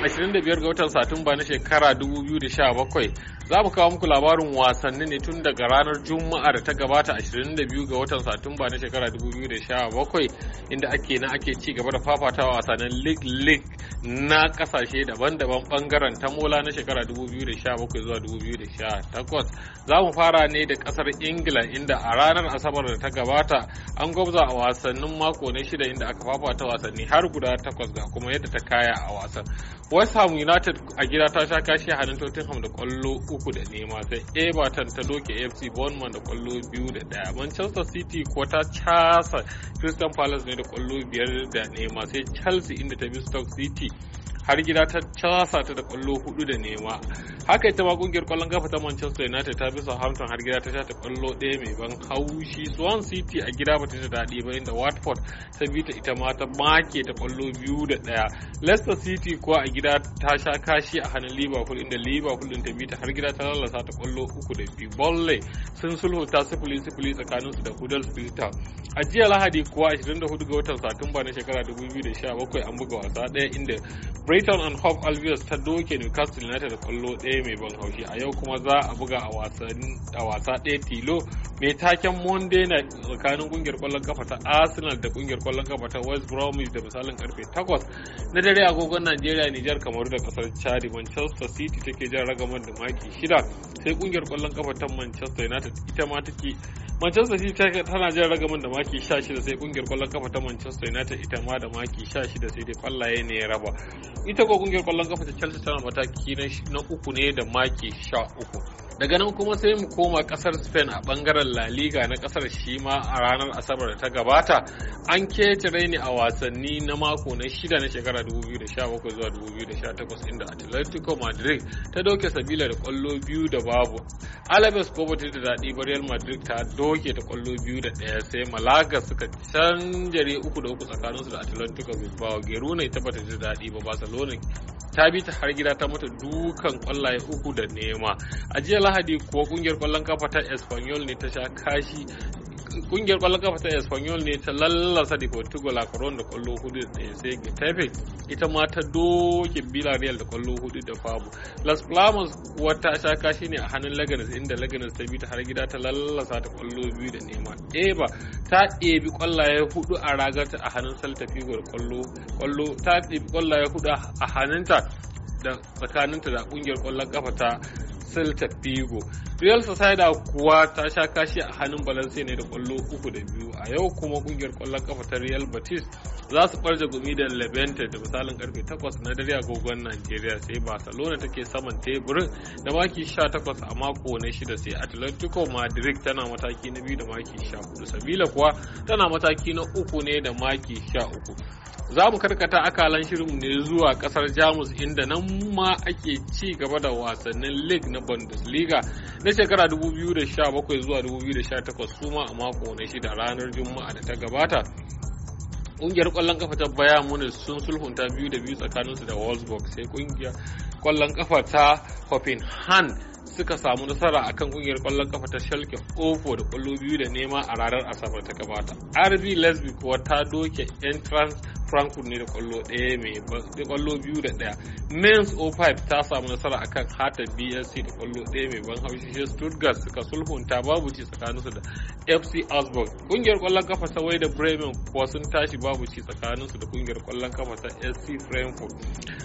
25 ga watan Satumba na shekara 2017 za mu kawo muku labarin wasanni ne tun daga ranar Juma'a da ta gabata 22 ga watan Satumba na shekara 2017 inda ake na ake ci gaba da fafata wasannin League League na kasashe daban-daban bangaren tamola na shekara 2017 zuwa 2018 za mu fara ne da kasar ingila inda a ranar asabar da ta gabata an gwabza a wasannin mako na shida inda aka fafata wasanni har guda takwas ga kuma yadda ta kaya a wasan West Ham United a gida ta sha kashi a hannun Tottenham da kwallo uku da nema sai Everton ta doke AFC Bournemouth da kwallo biyu da daya. Manchester City kuwa ta casa Crystal Palace ne da kwallo biyar da nema sai Chelsea inda ta bi Stoke City har gida ta casa ta da kwallo hudu da nema haka ita ma kungiyar kwallon gafa ta manchester united ta bi southampton har gida ta sha ta kwallo ɗaya mai ban haushi swan city a gida ba ta ji daɗi ba inda watford ta bi ta ita ma ta make ta kwallo biyu da ɗaya leicester city kuwa a gida ta sha kashi a hannun liverpool inda liverpool din ta bi ta har gida ta lalasa ta kwallo uku da biyu bolle sun sulhuta sifili sifili su da huddersfield town a jiya lahadi kuwa 24 ga watan satumba na shekara 2017 an buga wasa ɗaya inda Brighton and Hove alvarez ta doke Newcastle United da kwallo ɗaya mai ban haushi a yau kuma za a buga a wasa ɗaya tilo mai taken Monday na tsakanin kungiyar kwallon kafa ta Arsenal da kungiyar kwallon kafa ta West Bromwich da misalin karfe 8 na dare agogon Najeriya Nijar kamar da kasar Chad Manchester City take jan ragamar da maki shida sai kungiyar kwallon kafa ta Manchester United ita ma take Manchester City tana jan min da maki 16 sai kungiyar kwallon kafa ta Manchester United ita ma da maki 16 sai dai kwallaye ne ya raba. Ita ko kungiyar kwallon kafa ta Chelsea tana mataki na uku ne da maki 13. daga nan kuma sai mu koma kasar spain a bangaren la liga na kasar shi ma a ranar asabar da ta gabata an ketare ne a wasanni na mako na shida na shekara 2017 zuwa 2018 inda atletico madrid ta doke sabila da kwallo biyu da babu alabes ko bata da daɗi ba real madrid ta doke ta kwallo biyu da ɗaya sai malaga suka canjare uku da uku tsakaninsu da atletico bilbao geruna ita bata da daɗi ba barcelona ta bi ta har gida ta mata dukan kwallaye uku da nema a jiya lahadi kuwa kungiyar kwallon kafa ta espanyol ne ta sha kashi kungiyar kwallon kafa ta espanyol ne ta lallasa da portugal a karon da kwallo hudu da ya sai getafe ita ma ta doke villarreal da kwallo hudu da famu las palmas kuwa ta sha kashi ne a hannun laganas inda laganas ta bi ta har gida ta lallasa ta kwallo biyu da nema eba ta ɗebi ƙwallaye hudu a ragarta a hannun Celta Figo kwallo ta ɗebi ƙwallaye hudu a hannunta da tsakaninta da ƙungiyar kwallon kafa ta Celta Figo Real Sociedad kuwa ta sha kashi a hannun Valencia ne da kwallo uku da biyu a yau kuma kungiyar kwallon kafa ta Real Betis za su farja gumi da Levante da misalin karfe 8 na dare agogon nigeria sai Barcelona take saman teburin da maki 18 a mako na shida sai Atletico Madrid tana mataki na biyu da maki 14 Sevilla kuwa tana mataki na uku ne da maki 13 za mu karkata akalan shirinmu ne zuwa kasar jamus inda nan ma ake ci gaba da wasannin league na bundesliga ta shekara 2017 zuwa 2018 suma a mako na shida ranar juma'a da ta gabata ƙungiyar kwallon kafa ta baya muni sun sulhunta biyu da biyu tsakaninsu da Wolfsburg sai kungiyar kwallon kafa ta Hoffenheim suka samu nasara akan ƙungiyar kwallon kafa ta Schalke ofo da kwallo biyu da nema a ranar Asabar ta gabata. RB lesbi kuwa ta doke entrance. frankfurt ne da kwallo ɗaya mai kwallo biyu da ɗaya Mainz 05 ta samu nasara akan hata bsc da kwallo ɗaya mai ban haushi shi stuttgart suka sulhunta babu ci tsakaninsu da fc augsburg kungiyar kwallon kafa ta wai da bremen kuwa sun tashi babu ci tsakaninsu da kungiyar kwallon kafa ta sc frankfurt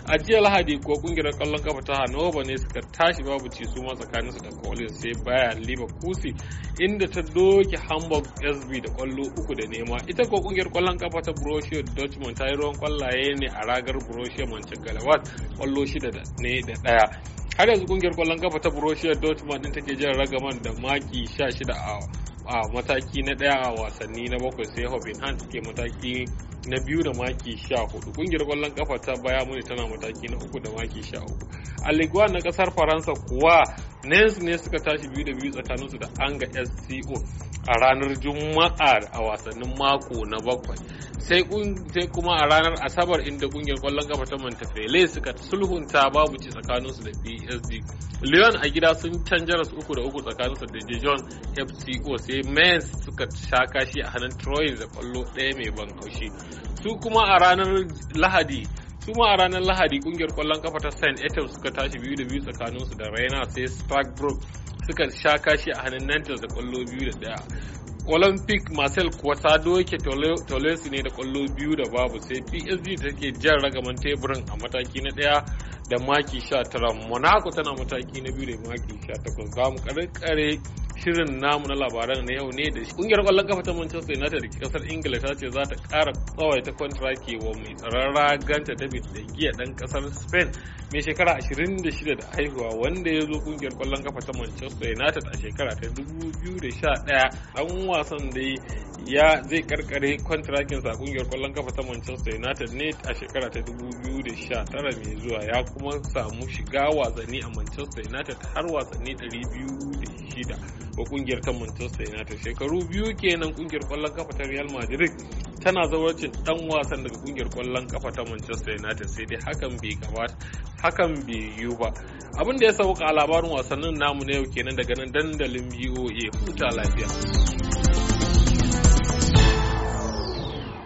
a jiya lahadi ko kungiyar kwallon kafa ta hannover ne suka tashi babu ci su ma tsakaninsu da kolin sai Bayern leverkusen inda ta doke hamburg sb da kwallo uku da nema ita ko kungiyar kwallon kafa ta borussia dortmund ta yi ruwan kwallaye ne a ragar Borussia Mönchengladbach kwallo shida ne da daya har yanzu kungiyar kwallon kafa ta Borussia Dortmund din take jan ragaman da maki 16 a a mataki na daya a wasanni na bakwai sai hobin Hoffenheim ke mataki na biyu da maki sha hudu kungiyar kwallon kafa ta baya muni tana mataki na uku da maki sha uku a liguwa na kasar faransa kuwa nens ne suka tashi biyu da biyu tsakaninsu da anga sco a ranar juma'a a wasannin mako na bakwai sai kuma a ranar asabar inda kungiyar kwallon kafa ta Montefiore suka sulhunta babu ci tsakanin su da PSG Lyon a gida sun canja rasu uku da uku tsakanin su da Dijon FCO sai Mens suka sha kashi a hannun troy da kwallo ɗaya mai ban haushi su kuma a ranar Lahadi su ma a ranar lahadi kungiyar kwallon kafa ta saint etienne suka tashi biyu da biyu tsakanin su da raina sai strasbourg suka sha kashi a hannun nantes da kwallo biyu da daya olympic marcel kuwa ta doke tolesu ne da kwallo biyu da babu sai psg take jan ragaman teburin a mataki na daya da maki 19 monaco tana mataki na biyu da maki 18 za mu kare kare shirin namu na labaran na yau ne da kungiyar kwallon kafa ta Manchester United kasar Ingila ta ce za ta ƙara tsawaita kontraki wa mai tsaron raganta David da giya dan kasar Spain mai shekara 26 da haihuwa wanda ya zo kungiyar kwallon kafa ta Manchester United a shekara ta 2011 dan wasan da ya zai karkare kontrakin sa kungiyar kwallon kafa ta Manchester United ne a shekara ta 2019 mai zuwa ya kuma samu shiga wasanni a Manchester United har wasanni shida. ko kungiyar kan Manchester United shekaru biyu kenan kungiyar kwallon kafa ta Real Madrid tana zawarcin dan wasan daga kungiyar kwallon kafa ta Manchester United sai dai hakan bai gabata hakan bai yiwu ba abin da ya sauka labarin wasannin namu na yau kenan daga nan dandalin BOA huta lafiya